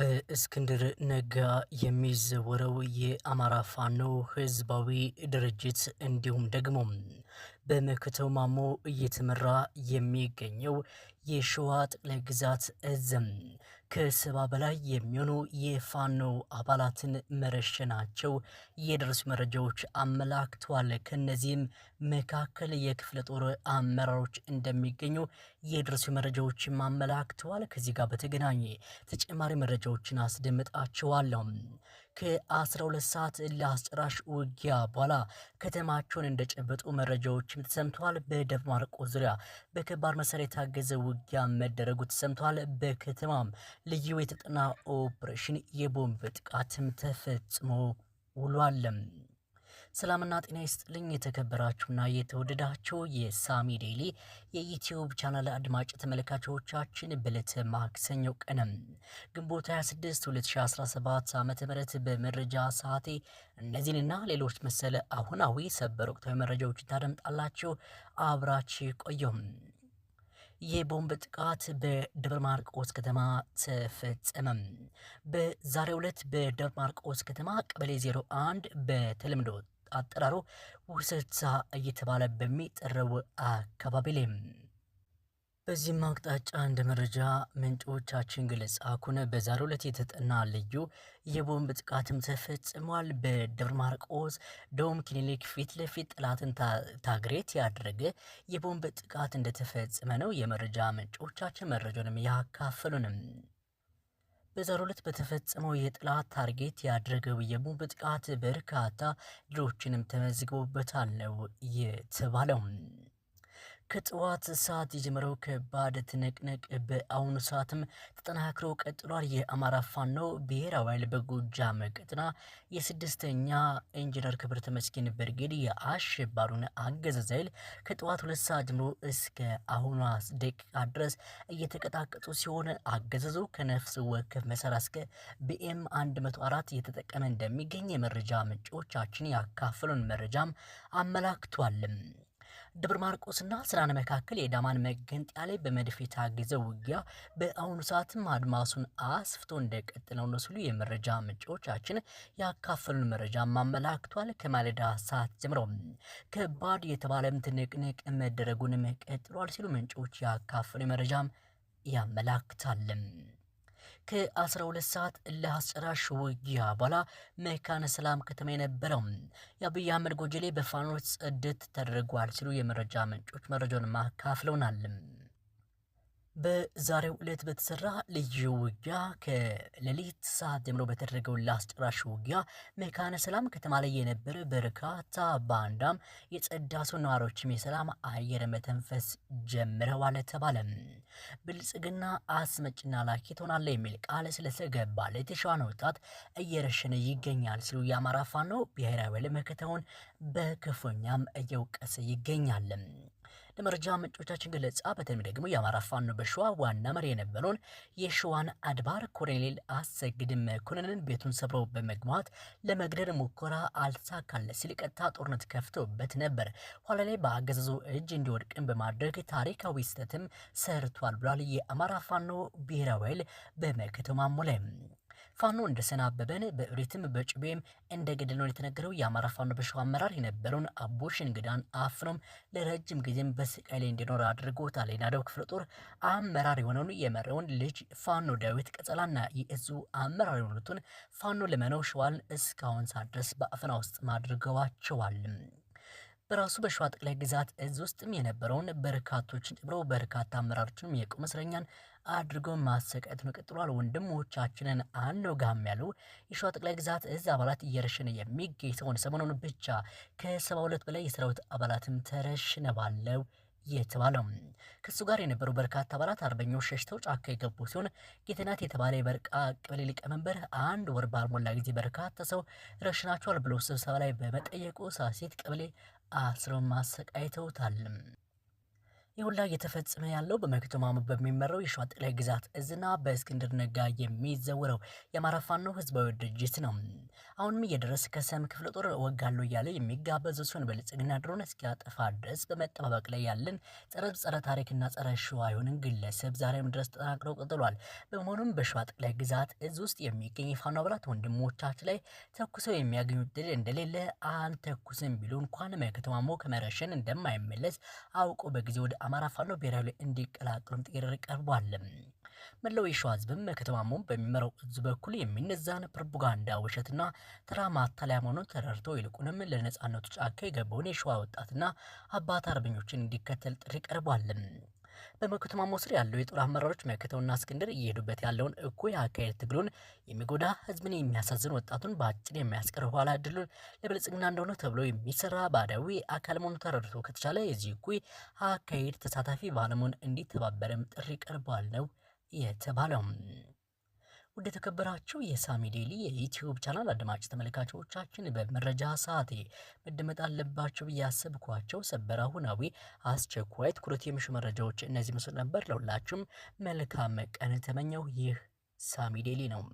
በእስክንድር ነጋ የሚዘወረው የአማራ ፋኖ ህዝባዊ ድርጅት እንዲሁም ደግሞ በመክተው ማሞ እየተመራ የሚገኘው የሸዋ ጠቅላይ ግዛት እዝም ከሰባ በላይ የሚሆኑ የፋኖ አባላትን መረሸናቸው የደረሱ መረጃዎች አመላክተዋል። ከነዚህም መካከል የክፍለ ጦር አመራሮች እንደሚገኙ የደረሱ መረጃዎችም አመላክተዋል። ከዚህ ጋር በተገናኘ ተጨማሪ መረጃዎችን አስደምጣቸዋለሁ። ከ12 ሰዓት ለአስጨራሽ ውጊያ በኋላ ከተማቸውን እንደጨበጡ መረጃዎችም ተሰምተዋል። በደብረ ማርቆስ ዙሪያ በከባድ መሳሪያ የታገዘ ውጊያ መደረጉ ተሰምተዋል። በከተማም ልዩ የተጠና ኦፕሬሽን የቦምብ ጥቃትም ተፈጽሞ ውሏለም። ሰላምና ጤና ይስጥልኝ የተከበራችሁና የተወደዳችሁ የሳሚ ዴሊ የዩትዩብ ቻናል አድማጭ ተመልካቾቻችን በዕለተ ማክሰኞ ቀንም ግንቦት 26 2017 ዓ ም በመረጃ ሰዓቴ እነዚህንና ሌሎች መሰለ አሁናዊ ሰበር ወቅታዊ መረጃዎችን ታደምጣላችሁ። አብራች ቆየም። የቦምብ ጥቃት በደብረ ማርቆስ ከተማ ተፈጸመም። በዛሬው ዕለት በደብረ ማርቆስ ከተማ ቀበሌ 01 በተለምዶ አጠራሩ ውስርሳ እየተባለ በሚጠራው አካባቢ ላይ በዚህም አቅጣጫ እንደ መረጃ ምንጮቻችን ገለጻ ከሆነ በዛሬው ዕለት የተጠና ልዩ የቦምብ ጥቃትም ተፈጽሟል። በደብረ ማርቆስ ዶም ክሊኒክ ፊት ለፊት ጠላትን ታግሬት ያደረገ የቦምብ ጥቃት እንደተፈጸመ ነው የመረጃ ምንጮቻችን መረጃውንም ያካፈሉንም በዛሬው ዕለት በተፈጸመው የጠላት ታርጌት ያደረገው የቦምብ ጥቃት በርካታ ድሎችንም ተመዝግቦበታል ነው የተባለው። ከጠዋት ሰዓት የጀመረው ከባድ ትንቅንቅ በአሁኑ ሰዓትም ተጠናክሮ ቀጥሏል። የአማራ ፋኖ ብሔራዊ ኃይል በጎጃም ቀጠና የስድስተኛ ኢንጂነር ክብር ተመስገን ብርጌድ የአሸባሪውን አገዛዝ ኃይል ከጠዋት ሁለት ሰዓት ጀምሮ እስከ አሁኑ ደቂቃ ድረስ እየተቀጣቀጡ ሲሆን አገዛዙ ከነፍስ ወከፍ መሳሪያ እስከ ቢኤም 104 እየተጠቀመ እንደሚገኝ የመረጃ ምንጮቻችን ያካፈሉን መረጃም አመላክቷልም። ደብረ ማርቆስና ስራን መካከል የዳማን መገንጠያ ላይ በመድፍ የታገዘ ውጊያ በአሁኑ ሰዓትም አድማሱን አስፍቶ እንደቀጥለው ነው ሲሉ የመረጃ ምንጮቻችን ያካፈሉን መረጃ ማመላክቷል። ከማለዳ ሰዓት ጀምሮ ከባድ የተባለም ትንቅንቅ መደረጉንም ቀጥሏል ሲሉ ምንጮች ያካፈሉ መረጃም ያመላክታልም። ከ12 ሰዓት ለአስጨራሽ ውጊያ በኋላ መካነ ሰላም ከተማ የነበረው የአብይ አህመድ ጎጀሌ በፋኖች ጽድት ተደርጓል ሲሉ የመረጃ ምንጮች መረጃውን ማካፍለውናል። በዛሬው ዕለት በተሰራ ልዩ ውጊያ ከሌሊት ሰዓት ጀምሮ በተደረገው ላስጨራሽ ውጊያ መካነ ሰላም ከተማ ላይ የነበረ በርካታ ባንዳም የጸዳ ሰው ነዋሪዎችም የሰላም አየር መተንፈስ ጀምረዋል ተባለ። ብልጽግና አስመጭና ላኪ ትሆናለህ የሚል ቃል ስለተገባ የተሻዋን ወጣት እየረሸነ ይገኛል ሲሉ የአማራ ፋኖ ብሔራዊ ለመከተውን በክፉኛም እየውቀሰ ይገኛል። ለመረጃ ምንጮቻችን ገለጻ በተለይም ደግሞ የአማራ ፋኖ በሸዋ ዋና መሪ የነበረውን የሸዋን አድባር ኮሎኔል አሰግድ መኮንንን ቤቱን ሰብረው በመግባት ለመግደል ሙከራ አልተሳካለት ሲል ቀጥታ ጦርነት ከፍቶበት ነበር። ኋላ ላይ በአገዛዙ እጅ እንዲወድቅን በማድረግ ታሪካዊ ስህተትም ሰርቷል ብሏል የአማራ ፋኖ ብሔራዊ ኃይል በመከተማሙ ላይ ፋኖ እንደሰናበበን በእሬትም በጭቤም እንደ የተነገረው። የአማራ ፋኖ በሸዋ አመራር የነበረውን አቦ ሽንግዳን አፍኖም ለረጅም ጊዜም በስቃይ ላይ እንዲኖር አድርጎታል። የናደው ክፍለ ጦር አመራር የሆነውን የመረውን ልጅ ፋኖ ዳዊት ቀጸላና የእዙ አመራር የሆኑትን ፋኖ ለመነው ሸዋልን እስካሁን ሳድረስ በአፈና ውስጥ ማድርገዋቸዋል። በራሱ በሸዋ ጠቅላይ ግዛት እዝ ውስጥም የነበረውን በርካቶችን ጨምሮ በርካታ አመራሮችንም የቁም እስረኛን አድርገው ማሰቃየቱን ቀጥሏል። ወንድሞቻችንን አንወጋም ያሉ የሸዋ ጠቅላይ ግዛት እዝ አባላት እየረሸነ የሚገኝ ሲሆን ሰሞኑን ብቻ ከሰባ ሁለት በላይ የሰራዊት አባላትም ተረሽነ ባለው የተባለው ከሱ ጋር የነበሩ በርካታ አባላት አርበኞች ሸሽተው ጫካ የገቡ ሲሆን ጌትናት የተባለ የበርቃ ቀበሌ ሊቀመንበር አንድ ወር ባልሞላ ጊዜ በርካታ ሰው ረሽናቸዋል ብሎ ስብሰባ ላይ በመጠየቁ ሳሴት ቀበሌ አስረው ማሰቃይተውታልም። ይሁላ እየተፈጸመ ያለው በመክቶ ማሞ በሚመራው የሸዋ ጠቅላይ ግዛት እዝና በእስክንድር ነጋ የሚዘውረው የአማራ ፋኖ ህዝባዊ ድርጅት ነው። አሁንም እየደረስ ከሰም ክፍለ ጦር ወጋለሁ እያለ የሚጋበዘው ሲሆን ብልጽግና ድሮን እስኪያጠፋ ድረስ በመጠባበቅ ላይ ያለን ጸረ ጸረ ታሪክና ጸረ ሸዋ የሆንን ግለሰብ ዛሬም ድረስ ተጠናቅረው ቀጥሏል። በመሆኑም በሸዋ ጠቅላይ ግዛት እዝ ውስጥ የሚገኝ የፋኖ አባላት ወንድሞቻችን ላይ ተኩሰው የሚያገኙት ድል እንደሌለ አንተኩስም ቢሉ እንኳን መክቶ ማሞ ከመረሸን እንደማይመለስ አውቆ በጊዜ ወደ አማራ ፋኖ ብሔራዊ ላይ እንዲቀላቀሉም ጥሪ ቀርቧል። መላው የሸዋ ህዝብም ከተማሙም በሚመራው እዝ በኩል የሚነዛን ፕሮፓጋንዳ ውሸትና ተራ ማታለያ መሆኑን ተረድቶ ይልቁንም ለነጻነቱ ጫካ የገባውን የሸዋ ወጣትና አባት አርበኞችን እንዲከተል ጥሪ ቀርቧል። በመክት ማሞ ስር ያለው የጦር አመራሮች መክተውና እስክንድር እየሄዱበት ያለውን እኩይ አካሄድ ትግሉን የሚጎዳ ህዝብን የሚያሳዝን ወጣቱን በአጭር የሚያስቀር ኋላ እድሉን ለብልጽግና እንደሆነ ተብሎ የሚሰራ ባዳዊ አካል መሆኑ ተረድቶ ከተቻለ የዚህ እኩይ አካሄድ ተሳታፊ ባለመሆን እንዲተባበረም ጥሪ ቀርቧል ነው የተባለው። ወደ ተከበራችሁ የሳሚ ዴሊ የዩቲዩብ ቻናል አድማጭ ተመልካቾቻችን በመረጃ ሰዓቴ መደመጥ አለባቸው ብዬ ያሰብኳቸው ሰበር፣ አሁናዊ፣ አስቸኳይ ትኩረት የሚሹ መረጃዎች እነዚህ ምስል ነበር። ለሁላችሁም መልካም ቀን ተመኘው። ይህ ሳሚ ዴሊ ነው።